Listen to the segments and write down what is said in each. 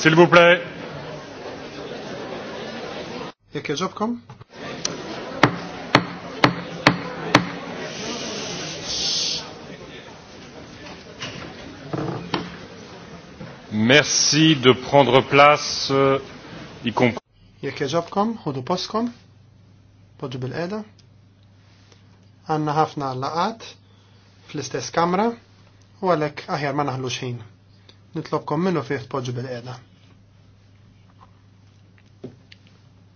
S'il vous plaît. Jekk jaġobkom? Merci de prendre place, euh, y compris. Jekk jaġobkom, ħodu poskom, poġġu bil-qeda. Għanna ħafna laqat fl-istess kamra u għalek aħjar ma naħlu ħin. Nitlobkom minnu fieħt poġġu bil-qeda.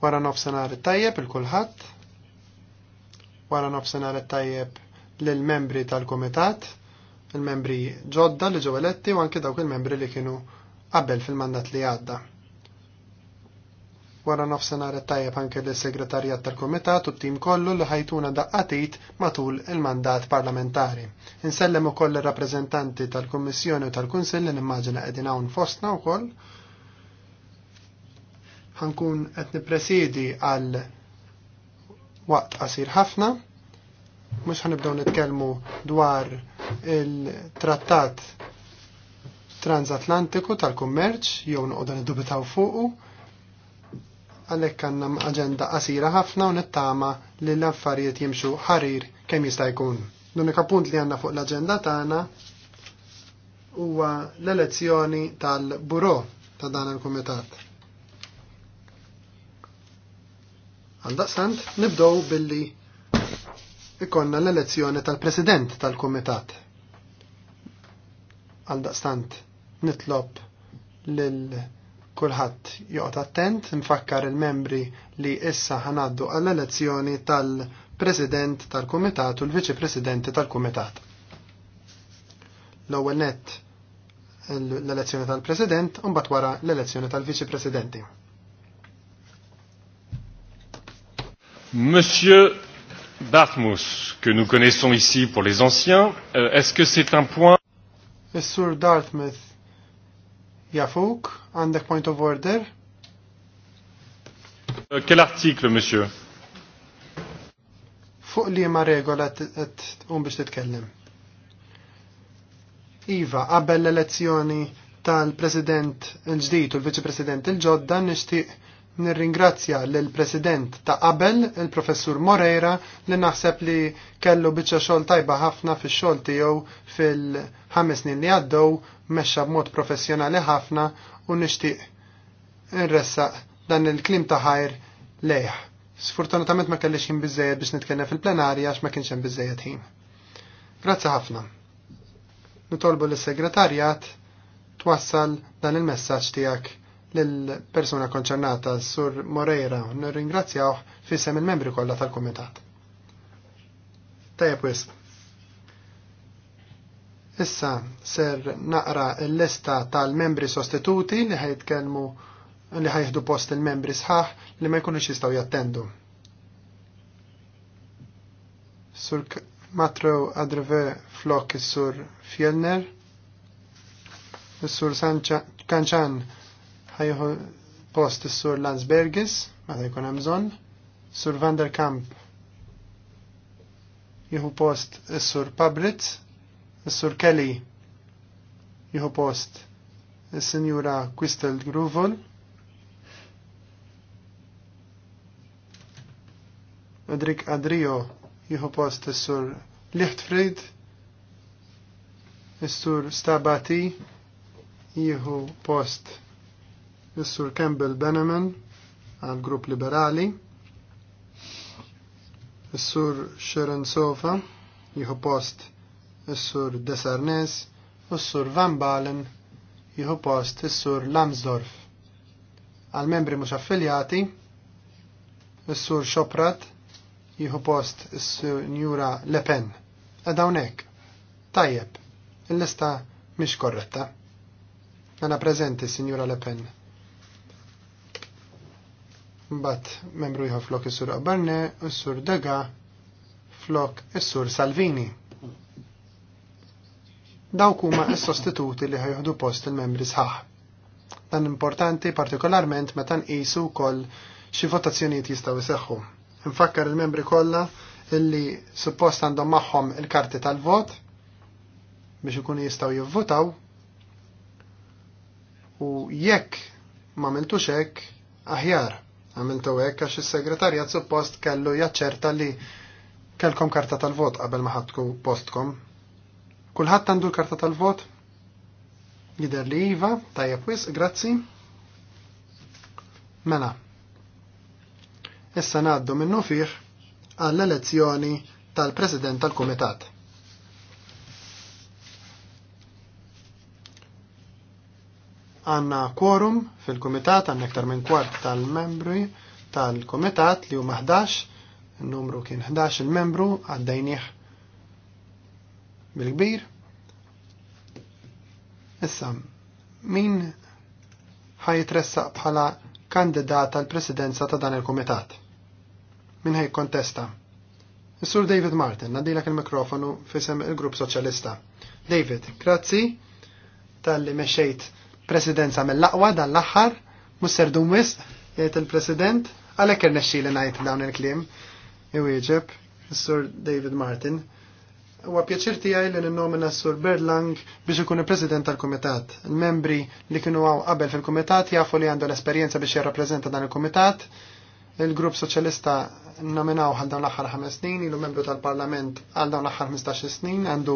Wara nofsenar tajjeb il-kulħadd. Wara nofsenar tajjeb lill-membri tal-Kumitat, il-membri ġodda li ġew eletti u anke dawk il-membri li kienu qabel fil-mandat li għadda. Wara nofsenar tajjeb anke l-segretarjat tal-Kumitat u t-tim kollu li ħajtuna daqqatit matul il-mandat parlamentari. Insellem ukoll ir-rappreżentanti tal-Kummissjoni u tal-Kunsill li nimmaġina qegħdin hawn fostna wkoll ħankun qed nippresidi għal waqt qasir ħafna. Mhux ħanibdew nitkellmu dwar il-trattat transatlantiku tal-kummerċ jew noqogħdu niddubitaw fuqu. Għalhekk għandna aġenda qasira ħafna u nittama li l-affarijiet jimxu ħarir kemm jista' jkun. L-unika punt li għandna fuq l-aġenda tagħna huwa l-elezzjoni tal-buro ta' dan il-kumitat. Għaldaqsant, nibdow billi ikonna l-elezzjoni tal-president tal-komitat. Għaldaqstant, nitlob lil kulħadd joqgħod attent, nfakkar il-membri li issa ħanaddu għall-elezzjoni tal-president tal-kumitat u l-viċi-presidenti tal-kumitat. L-ewwel nett l-elezzjoni tal-president u mbagħad wara l-elezzjoni tal-viċi-presidenti. Monsieur Dartmouth, que nous connaissons ici pour les anciens, euh, est-ce que c'est un point... Monsieur Dartmouth, Yafouk, għandek point of order? Euh, quel article, monsieur? Fuq li ma regola un um biex titkellem. Iva, qabel l-elezzjoni tal-President il-ġdijt u l-Viċi-President il-ġodda nishtiq nirringrazzja l-President ta' qabel, il-Professur Moreira, li naħseb li kellu biċċa xogħol tajba ħafna fix-xogħol tiegħu fil-ħames snin li għaddew, mexxa b'mod professjonali ħafna u nixtieq nressaq dan il-klim ta' ħajr lejh. Sfortunatament ma kellix jim bizzejed biex nitkellem fil-plenarja għax ma kienx hemm bizzejed ħin. Grazzi ħafna. Nitolbu lis segretarjat twassal dan il-messaġġ tiegħek lill-persuna konċernata, Sur Moreira, nirringrazzjaw fissem il-membri kollha tal-Kumitat. Tajab wisq. Issa ser naqra l-lista tal-membri sostituti li ħajtkellmu li ħajħdu post il-membri sħaħ li ma jkunux jistgħu jattendu. Sur Matro Adreve flok is-sur Fjellner, is-sur Kanċan ħajħu post is-sur Landsbergis, ta' jkun hemm sur Van der post is-sur Pabrit, sur Kelly jħu post s-senjura Quistel Gruvol. Adrik Adrio jħu post sur Lichtfried, is-sur Stabati jħu post Is-Sur Campbell Benneman għal Grupp Liberali, Is-Sur Sharon Sofa jieħu post Mr. sur Desarnes Mr. sur Van Balen jieħu post Is-Sur Lamsdorf. Għal membri mhux affiljati, Is-Sur Xoprat post Is-Njura Le Pen. Għadawnek. Tajjeb, il-lista mish korretta. Għana prezenti, Signora Le Pen mbagħad membru jħu flok is-Sur Abarne u s-Sur Dega flok is-Sur Salvini. Dawk huma s-sostituti li ħajħdu post il-membri sħaħ. Dan importanti partikolarment meta nqisu wkoll xi votazzjonijiet jistgħu jseħħu. Nfakkar il-membri kollha illi suppost għandhom magħhom il-karti tal-vot biex ikunu jistgħu jivvotaw u jekk ma miltux hekk aħjar Għamiltu hekk għax is-segretarjat suppost kellu jaċċerta li kellkom karta tal-vot qabel maħatku postkom. Kulħadd għandu l-karta tal-vot? Jider li iva, tajjeb wis, grazzi. Mela. Issa ngħaddu minnu fih għall-elezzjoni tal-President tal-Kumitat. Għanna quorum fil-komitat, għanna ktar minn kwart tal-membri tal-komitat li huma 11, il-numru kien 11 il-membru għaddejnieh bil-kbir. Issa, min ħajtressaq bħala kandidat tal-presidenza ta' dan il-komitat? Min ħaj kontesta? Is-Sur David Martin, nadilak il-mikrofonu fisem il-Grupp Soċjalista. David, grazzi tal-li meċejt presidenza mill-laqwa dan l-aħħar, musser dumwis, jgħid il-president, għalhekk irnexxi li ngħid dawn il-kliem, iwieġeb, s-sur David Martin. Huwa pjaċir tiegħi li ninnomina s-sur Berlang biex ikun il-president tal-kumitat. Il-membri li kienu għaw qabel fil-kumitat jafu li għandu l-esperjenza biex jirrappreżenta dan il-kumitat, il kumitat Il-grupp soċjalista nominaw għal dawn l-aħħar ħames snin, ilu membru tal-Parlament għal dawn l-aħħar 15 snin, għandu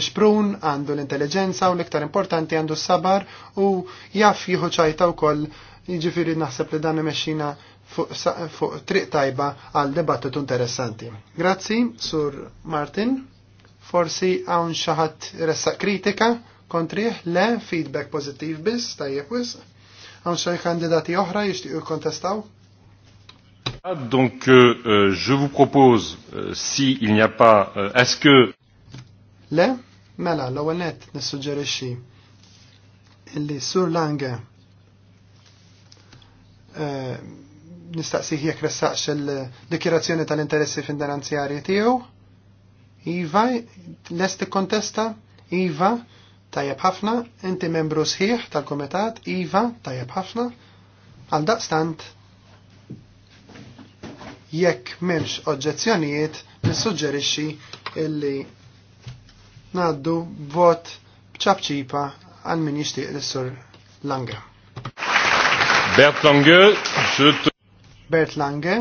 xprun, għandu l-intelligenza u l-iktar importanti għandu s-sabar u jaff jieħu ċajta wkoll jiġifieri naħseb li dan imexxina fuq, triq tajba għal debattitu interessanti. Grazzi, Sur Martin. Forsi hawn xi ressa kritika kontriħ le feedback pożittiv biss tajjeb wisq. Hawn xi kandidati oħra jixtiequ jikkontestaw? Ah, donc, euh, euh, je vous propose, euh, si il n'y a pas, euh, est-ce que... Le, mela, l-ewwel nett illi sur langa, uh, eh, nistaqsih jekk il dikirazzjoni tal-interessi finanzjarji tiegħu. Iva, lest kontesta, Iva, tajjeb ħafna, inti membru sħiħ tal-komitat, Iva, tajab ħafna, għal daqstant Jekk m'hemmx oġġezzjonijiet, nissuġġerixxi illi ngħaddu vot bċabċipa għal min jixtieq lis sur Lange. Bert Lange, Bert Lange,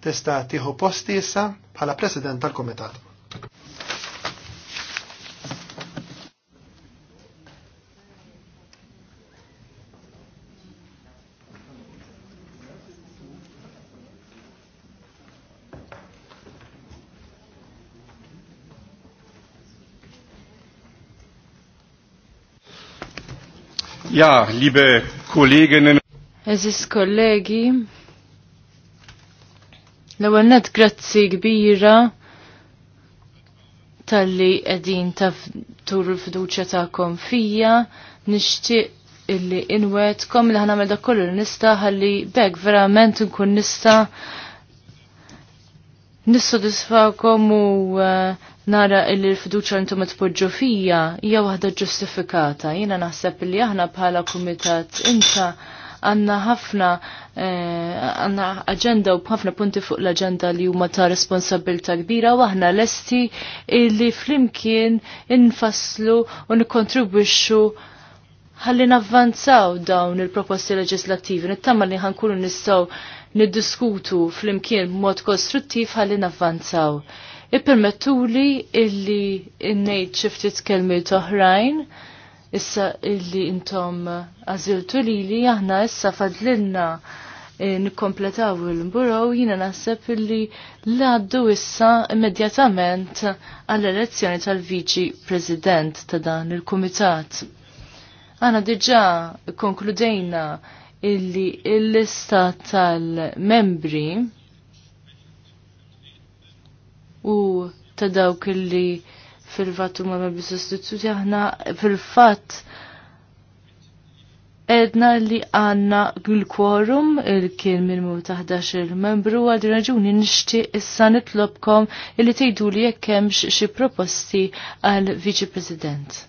tista' tieħu posti issa bħala President tal-Kumitat. Ja, liebe Kolleginnen. ist kollegi, l-ewwel net grazzi kbira tal-li qegħdin taf tur il-fiduċja tagħkom fija, nixtieq illi inwetkom li ħanamel dak kollu nista' ħalli bekk verament nkun nista' nissodisfakom u uh, nara illi l-fiduċa intom tpoġġu fija hija waħda ġustifikata. Jiena naħseb li aħna bħala kumitat inta għanna ħafna eh, għanna aġenda u ħafna punti fuq l-aġenda li huma ta' responsabilta kbira u aħna lesti illi flimkien infaslu u nikkontribwixxu ħalli navvanzaw dawn il-proposti leġislattivi. Nittama li ħankunu nistgħu niddiskutu fl-imkien mod kostruttiv ħalli navvanzaw. Ippermettuli illi innejt xiftit kelmi oħrajn, issa illi intom għaziltu li li aħna issa fadlilna eh, nikkompletaw il mburaw jina naħseb illi laddu issa immedjatament għall-elezzjoni tal-Viċi President ta' dan il-Kumitat. Għana diġa konkludejna illi il-lista tal-membri u ta' dawk illi fil-fat huma membri sostituti aħna fil fat edna li għanna il-quorum il-kien minn mu taħdax il-membru għad raġuni nishti issa nitlobkom li tejdu li jekk hemmx xi proposti għal viċi President.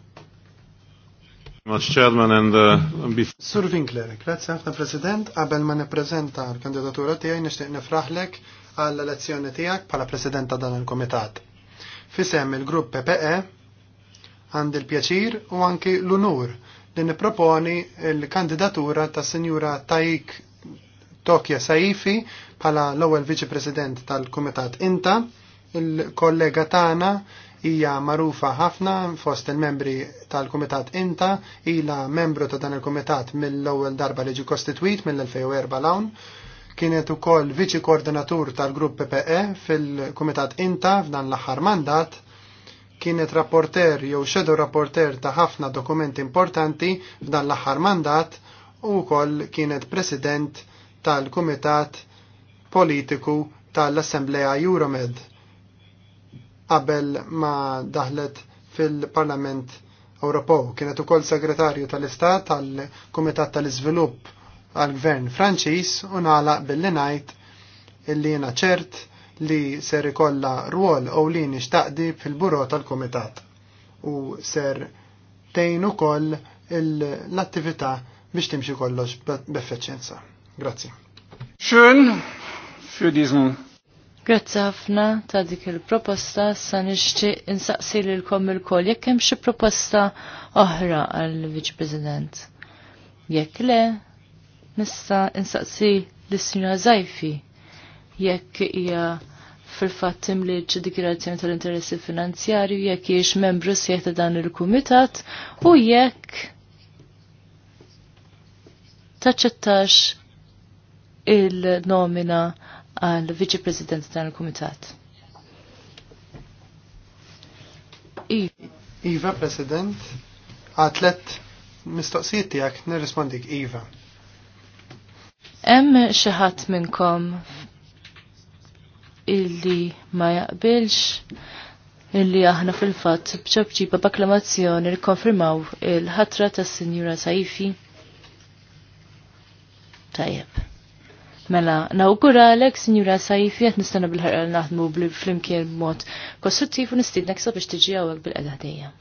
Much Chairman and uh, Sur Winkler, grazie ħafna President, qabel ma nippreżenta l-kandidatura tiegħi nixtieq nifraħlek għall elezzjoni tiegħek bħala President ta' dan il-Kumitat. Fisem il-Grupp PPE għandi l-pjaċir u anki l-unur li nipproponi l-kandidatura ta' Sinjura Taik Tokja Saifi bħala l-ewwel Viċi President tal-Kumitat Inta, il-kollega Tana hija marufa ħafna fost il-membri tal-Kumitat Inta, ila membru ta' dan il-Kumitat mill-ewwel darba li ġi kostitwit mill-2004 lawn. Kienet ukoll viċi koordinatur tal-grupp PPE fil-Kumitat Inta f'dan l-aħħar mandat kienet rapporter jew xedu rapporter ta' ħafna dokumenti importanti f'dan l-aħħar mandat u wkoll kienet president tal-Kumitat Politiku tal-Assembleja Euromed qabel ma daħlet fil-Parlament Ewropew. Kienet ukoll segretarju tal-Istat tal-Kumitat tal-Iżvilupp għal-Gvern Franċiż u nagħlaq billi ngħid illi jiena ċert li ser ikolla rwol ewlieni xtaqdi fil-buro tal-Kumitat u ser tgħin ukoll l-attività biex timxi kollox b'effiċjenza. Grazzi. Schön für diesen Grazzi ħafna ta' dik il-proposta sa nixtieq insaqsi lilkom il kol jekk hemm xi proposta oħra għal viċ President. Jekk le, nista' insaqsi lis sinja Zajfi jekk hija fil-fatt li dikirazzjoni tal-interessi finanzjarju jekk jiex membru sieħ ta' dan il-kumitat u jekk taċċettax il-nomina għal viċi President tal-Kumitat. Iva, President, għatlet mistoqsijiet tiegħek nirrispondik Iva. Hemm xi ħadd minnkom illi ma jaqbilx illi aħna fil-fatt bċabċiba li konfirmaw il-ħatra tas-Sinjura Saifi. Tajjeb. Mela, għalek, Sinjura Sajfi, qed nistana bil-ħarqa naħdmu flimkien b'mod kostruttiv u nistidnek sabiex tiġi għawek bil-qedadija.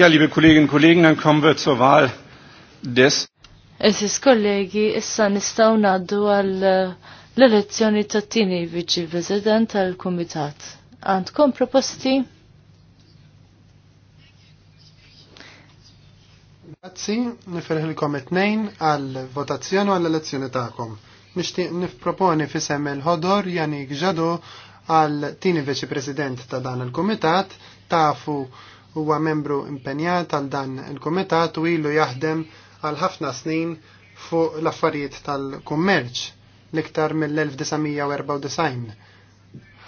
Ja, liebe Kolleginnen und Kollegen, dann kommen wir zur Wahl des. ist kollegi, issa nistaw naddu għal eh, l-elezzjoni ta' tini viċi president tal-Kumitat. Għandkom proposti? Grazzi, l it etnejn għal votazzjoni għal elezzjoni ta'kom. Nishtiq nifproponi fisem il-ħodor Janik Ġadu għal tini viċi president ta' dan il-Kumitat tafu huwa membru impenjat għal dan il-kumitat u ilu jaħdem għal ħafna snin fuq l-affarijiet tal-kummerċ l-iktar mill-1994.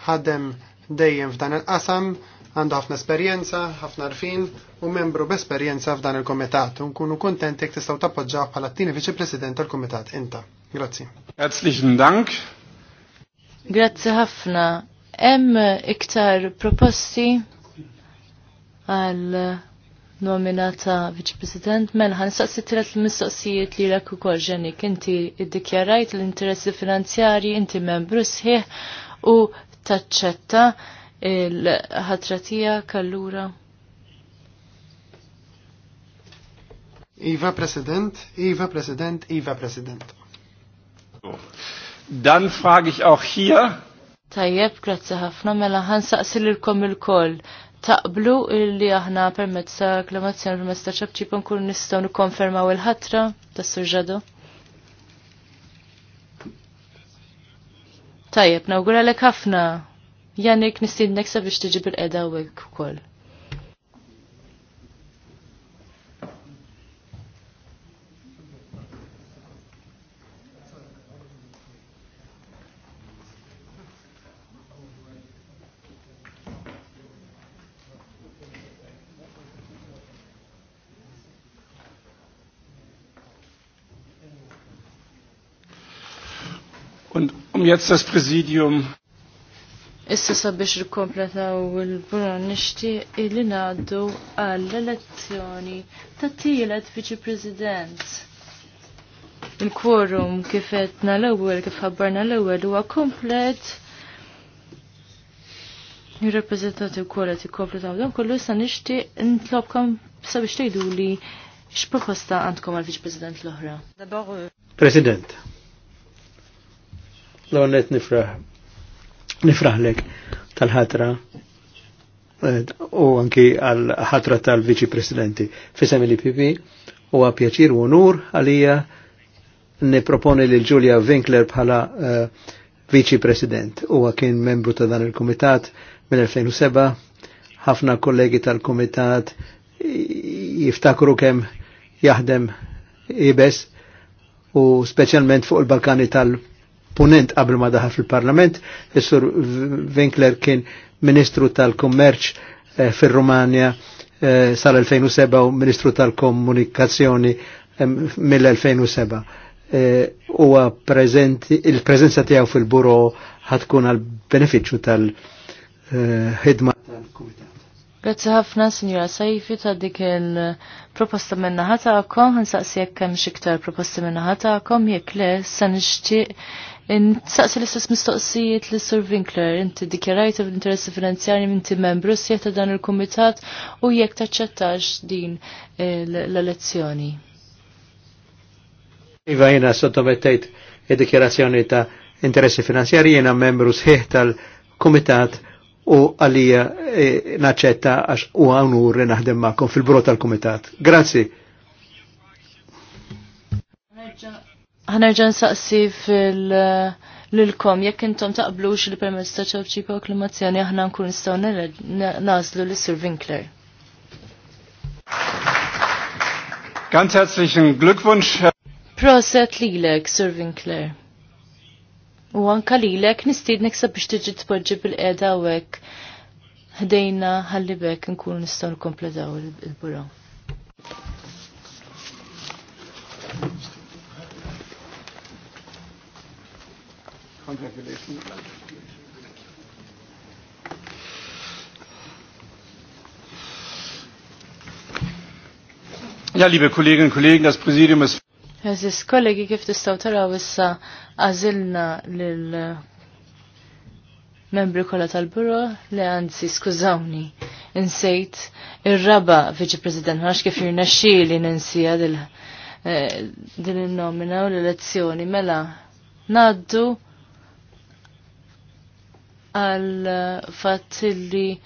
Ħadem dejjem f'dan il-qasam, għandu ħafna esperjenza, ħafna rfin u membru b'esperjenza f'dan il-komitat. Nkunu kontent jekk tistgħu tappoġġaw bħala t-tieni viċi President tal-Kumitat inta. Grazzi. Herzlichen Dank. Grazzi ħafna. Hemm iktar proposti għal nomina ta' viċ-president melħan saqsi tret l-mistoqsijiet li l-ekku kolġenik. Inti id-dikjarajt l-interessi finanzjari, inti membru sħiħ u taċċetta il-ħatratija kallura. Iva President, Iva President, Iva President. Dan frage ich auch hier. Tajjeb, grazzi ħafna, mela ħansaqsi saqsi l-kom il-koll taqblu li aħna permezz ta' akklamazzjoni permezz ta' ċabċipa nkunu nistgħu nikkonfermaw il-ħatra tas surġadu. Tajjeb, nawguralek ħafna. Janik nistidnek sabiex tiġi bil-qeda u ukoll. jetzt das Präsidium. Issa sabiex rikkompletaw il buran nixtieq li ngħaddu għall-elezzjoni ta' tielet viċi President. Il-kworum kif qedna l-ewwel kif ħabbarna l-ewwel huwa komplet. Ir-rappreżentanti wkoll qed ikkompletaw dan kollu issa nixtieq ntlobkom sabiex tgħiduli x'proposta għandkom għal viċi euh, President l-oħra. President l-għonet nifraħ, nifraħlek tal-ħatra u anki għal-ħatra tal-Viċi Presidenti fisem il ipp u għapjaċir u onur għalija niproponi li Julia Winkler bħala eh, Viċi President u kien membru ta' dan il-Komitat mill-2007 ħafna kollegi tal-Komitat jiftakru kem jaħdem ibes u specialment fuq il-Balkani tal-Komitat ponent qabel ma daħal fil-Parlament, is-Sur Winkler kien Ministru tal kommerċ eh, fil rumanja eh, sal-2007 u Ministru tal-Komunikazzjoni eh, mill-2007. Huwa il prezenza tijaw fil-buro ħatkun għal beneficju tal-ħidma tal-Kumitat. Grazzi ħafna, signora Sajfi, ta' dik il-proposta minna ħatakom, għan jekk hemm xiktar proposta minna ħatakom, jekk le, san nixtieq Nsaqsi l-istess mistoqsijiet li Sir Winkler, inti dikjarajt l-interessi finanzjari minti membru sieħ ta' dan il-komitat u jekk taċċettax din eh, l-elezzjoni. Iva jena sottomettejt id-dikjarazzjoni ta' interessi finanzjari jena membru sħiħ tal-komitat u għalija eh, naċċetta għax u għanur naħdem ma'kom fil-bro tal-komitat. Grazzi. ħanerġa' nsaqsi fil- eh, lilkom jekk intom taqblux li permezz ta' ċabċipa u klimazzjoni aħna nkun nistgħu nażlu li Sir Winkler. Ganz herzlichen Glückwunsch. Proset lilek, Sir Winkler. U anka lilek nistiednek sa biex tiġi tpoġġi bil-qeda u hekk ħdejna ħallibek nkun nistgħu nkompletaw il-buro. Ja, liebe Kolleginnen und Kollegen, das Präsidium ist. Eżis, kollegi kif tistaw taraw issa għazilna lil membri kollha tal-buro li għanzi skużawni insejt ir-raba viċi president għax kif jirnexxieli ninsija eh, din il-nomina u l-elezzjoni mela naddu għal fatt li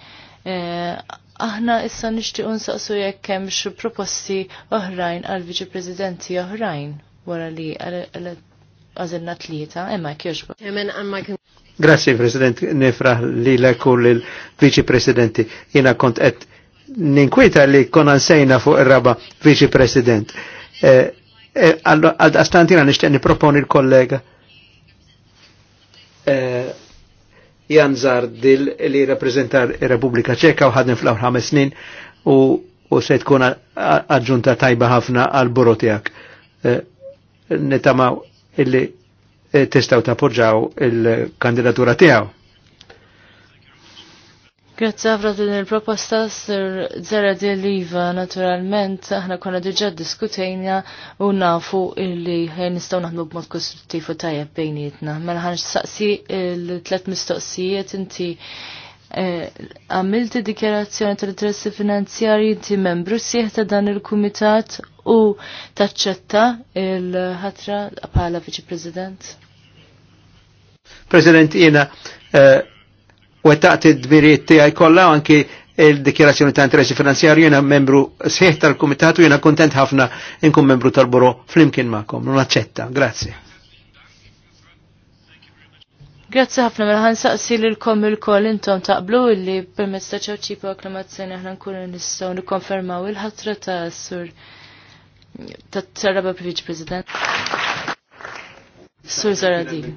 aħna issa nixtiequ nsaqsu jekk xi proposti oħrajn għal viċi presidenti oħrajn wara li għażilna tlieta imma kjoġba. Grazie President, nifraħ li l il-Viċi Presidenti. Jena kont qed ninkwita li kon ansejna fuq ir-raba Viċi President. għal dastantina nishtiqni proponi l-kollega. Eh, Jan Zardil li rappresenta Repubblika Ċeka u ħadem fl-għor ħames snin u, u se tkun aġġunta tajba ħafna għal buro tiegħek. E, illi eh, tistgħu tappoġġaw il-kandidatura tiegħu. Grazzi għafra din il-proposta sir Zara de Liva, naturalment, aħna konna diġa diskutejna u nafu illi nistaw naħdmu b'mod kostruttiv u tajjeb bejnietna. Mela ħan saqsi il-tlet mistoqsijiet inti eh, għamilti dikjarazzjoni tal-interessi finanzjari inti membru sieħ ta' dan il-kumitat u taċċetta il-ħatra bħala viċi-president? President, jena eh, u għettaqt id-dmiriet tijaj kolla anki il-dikjerazzjoni ta' interessi finanzjarju jena membru sħiħ tal-komitatu jena kontent ħafna inkun membru tal-buro flimkien ma'kom. Naċċetta, grazie. Grazzi ħafna mela ħan saqsi lilkom il-koll intom taqblu illi permezz ta' ċewċipa akklamazzjoni aħna nkunu nistgħu nikkonfermaw il-ħatra ta' sur ta' Saraba Priviġ President. Sur Zaradin.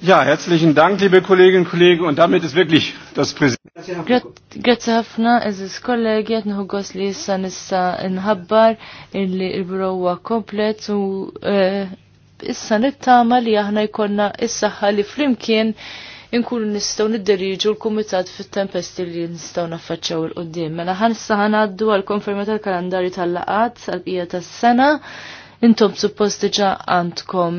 Ja, herzlichen Dank, liebe Kolleginnen und Kollegen, und damit ist wirklich das Präsident. Grazie ħafna, eżis kollegi, għet li jissa nissa nħabbar illi il-browa komplet u eh, issa nittama li aħna jkonna issaħħa li flimkien inkunu nistaw niddiriġu l-Kumitat fit-tempesti li nistaw naffaċċaw il-qoddim. Mela ħan issa ħanaddu għal-konferma tal kalandari tal-laqat tal-bija tas-sena. Intom suppost diġa għandkom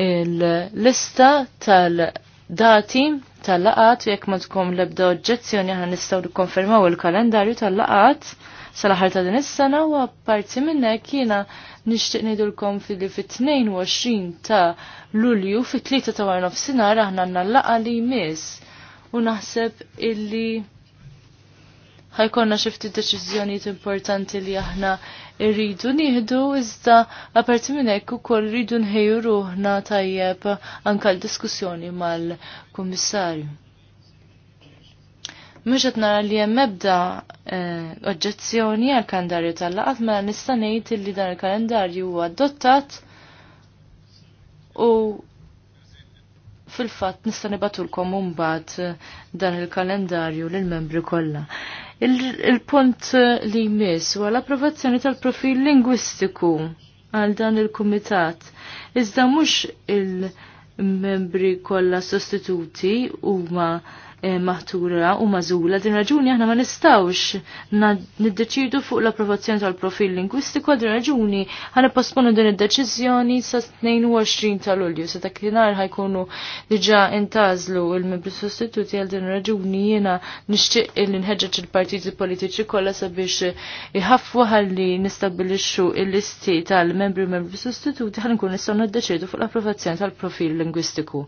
il-lista tal-dati tal-laqat u jekk ma tkun lebda oġġezzjoni ħan nistgħu nikkonfermaw il-kalendarju tal-laqat sal ħar ta' din is-sena u apparti minn hekk jiena nixtieq ngħidulkom fil fit-22 ta' Lulju fit-3 ta' wara nofsinhar aħna għandna laqa li jmiss u naħseb illi ħajkonna xifti deċiżjonijiet importanti li aħna irridu nieħdu iżda apparti minn hekk ukoll rridu nħejju ruħna tajjeb anke l-diskussjoni mal-Kummissarju. Mhux qed nara li hemm ebda eh, oġġezzjoni għal kalendarju tal-laqat mela nista' ngħid li dan il-kalendarju huwa adottat u fil-fatt nista' nibatulkom mbagħad eh, dan il-kalendarju lill-membri kollha. Il-punt eh, li jmiss huwa l-approvazzjoni tal-profil lingwistiku għal dan il-kumitat. Iżda mhux il-membri kollha sostituti huma Eh, maħtura u mażula din raġuni aħna ma nistawx niddeċidu fuq l-approvazzjoni tal-profil lingwistiku għal din raġuni ħana postponu din id-deċiżjoni sa 22 tal-Ulju sa dak kienar ħajkunu diġà intażlu il-membri sostituti għal din raġuni jiena nixtieq li nħeġġeġ il-partiti politiċi kollha sabiex iħaffu ħalli nistabbilixxu il-listi tal-membri u membri sostituti ħan nkun nistgħu niddeċidu fuq l-approvazzjoni tal-profil lingwistiku.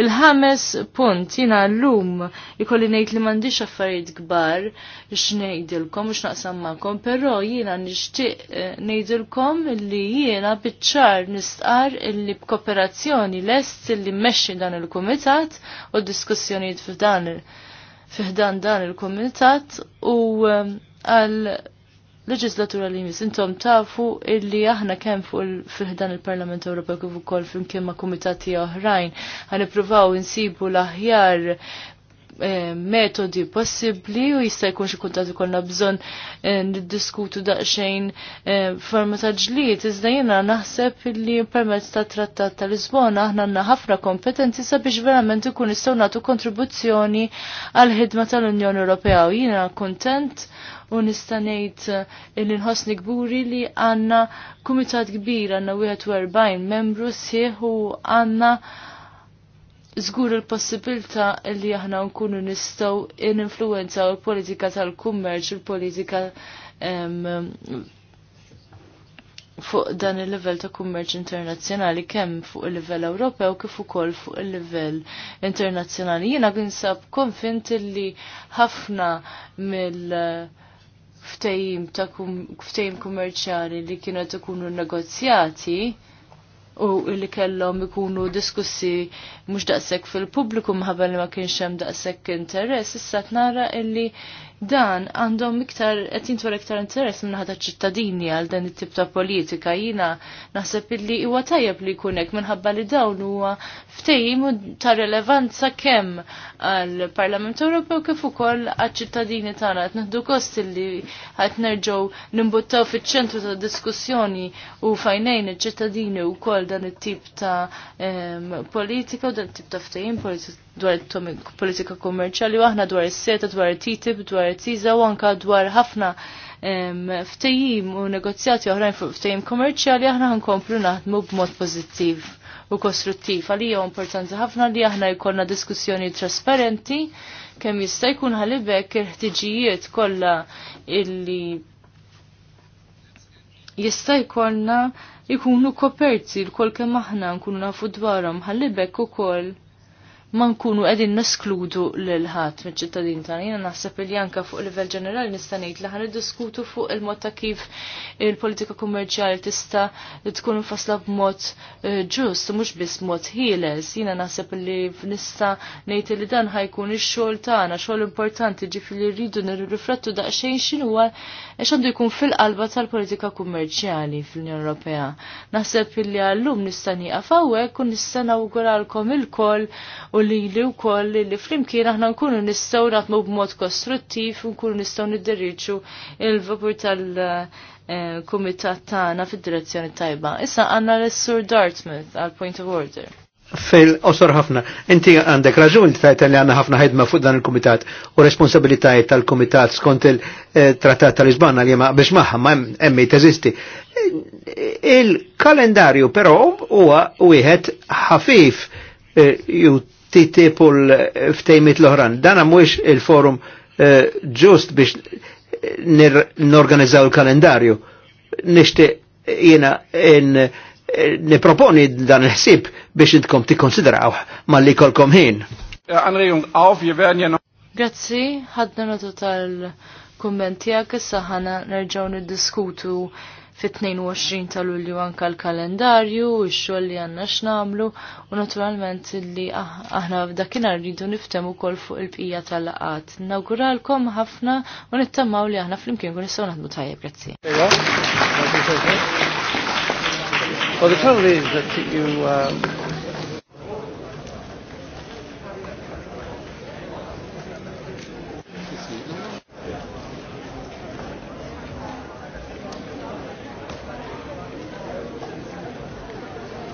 Il-ħames punt jiena llum ikolli ngħid li m'għandix affarijiet kbar x'ngħidilkom u x'naqsam magħkom, però jiena nixtieq eh, ngħidilkom li jiena biċ-ċar nistqar illi b'kooperazzjoni lest illi mmexxi dan il-kumitat u diskussjonijiet f'dan fiħdan dan il-kumitat u eh, għal leġislatura li jmiss intom tafu illi aħna kemm fuq fil il-Parlament Ewropew kif ukoll flimkien ma' kumitati oħrajn ħanippruvaw insibu l-aħjar Eh, metodi possibbli u jista' jkun xi kuntat ikollna bżonn eh, niddiskutu daqsxejn eh, forma ta' ġlied iżda jiena naħseb li permezz ta' trattat ta' Lisbona aħna għandna ħafna kompetenzi sabiex verament ikun nistgħu nagħtu kontribuzzjoni għal ħidma tal-Unjoni Ewropea u jiena kuntent u nistanejt li nħossni gburi li għanna kumitat kbir għanna 41 membru sieħu għanna Zgur il-possibilta li aħna nkunu nistaw in-influenza u l-politika tal-kummerċ, il-politika fuq dan il-level ta' kummerċ internazzjonali kemm fuq il-level Ewropew kif ukoll fuq il-level internazzjonali. Jiena ginsab konfint li ħafna mill- ftejim ta' ftejim kummerċjali li kienu ikunu negozjati u li kellhom ikunu diskussi mhux daqshekk fil-pubbliku mħabba li ma kienx hemm daqshekk interess, issa nara illi dan għandhom iktar qed jintwar iktar interess minn ħadd ċittadini għal dan it-tip ta' politika jiena naħseb illi huwa tajjeb li jkun hekk minħabba li dawn huwa ftehim ta' rilevanza kemm għall Parlament Ewropew kif ukoll għaċ-ċittadini tagħna qed nieħdu kost illi qed nerġgħu nimbuttaw fiċ-ċentru ta' diskussjoni u fajnejn iċ-ċittadini wkoll dan it-tip ta' politika u dan it-tip ta' ftehim politika dwar politika kummerċali u aħna dwar is-seta, dwar TTIP, dwar TISA u anka dwar ħafna ftejim u negozjati oħrajn fuq ftejim kummerċali aħna ħankomplu naħdmu b'mod pożittiv u kostruttiv. Għalija importanti ħafna li aħna jkollna diskussjoni trasparenti kemm jista' jkun ħalibek il-ħtiġijiet kollha illi jista' jkollna jkunu koperti l-kol kemm aħna nkunu nafu dwarhom ħallibek ukoll ma nkunu qegħdin neskludu lil ħadd miċ ċittadin tagħna. Jiena naħseb li anke fuq livell ġenerali nista' ngħid li ħan niddiskutu fuq il-mod ta' kif il-politika kummerċjali tista' tkun infassla b'mod eh, ġust mhux biss mod ħieles. Jiena naħseb li nista' ngħid li dan ħajkun ix-xogħol tagħna, xogħol importanti ġifieri rridu nirriflettu daqsxejn x'inhuwa għandu jkun fil-qalba tal-politika kummerċjali fl-Unjoni Ewropea. Naħseb li għallum nista' nieqaf hawnhekk u nista' nawguralkom il-koll u u li li u koll li flimkien aħna nkunu nistaw natmu b'mod kostruttiv u nkunu nistaw nidderriċu il-vapur tal-kumitat eh, tagħna fid-direzzjoni tajba. Issa għanna l-Sur Dartmouth għal point of order. Fil, osor ħafna, inti għandek raġun tajt li għanna ħafna ħedma fuq dan il-komitat u responsabilitajiet tal-komitat skont il-trattat eh, tal-Lisbona li ma biex maħħa ma emmi teżisti. Il-kalendarju però huwa wieħed ħafif eh, ju TTIP l-ftejmit l ohran Dana mwix il-forum eh, ġust biex eh, n-organizzaw il-kalendarju. Nishti eh, jena n-proponi dan il-ħsib biex intkom tikkonsidraw ma li kolkom ħin. Grazzi, ħadna notu tal-kommentijak, issa ħana nerġaw niddiskutu fit-22 ta' Lulju anka l-kalendarju, ix-xogħol li għandna x'namlu u naturalment li ah, aħna f'dakinhar rridu niftemu ukoll fuq il-bqija tal-laqat. Nawguralkom ħafna u nittammaw li aħna flimkien kun nistgħu naħdmu tajjeb grazzi. Well, the trouble is that you um,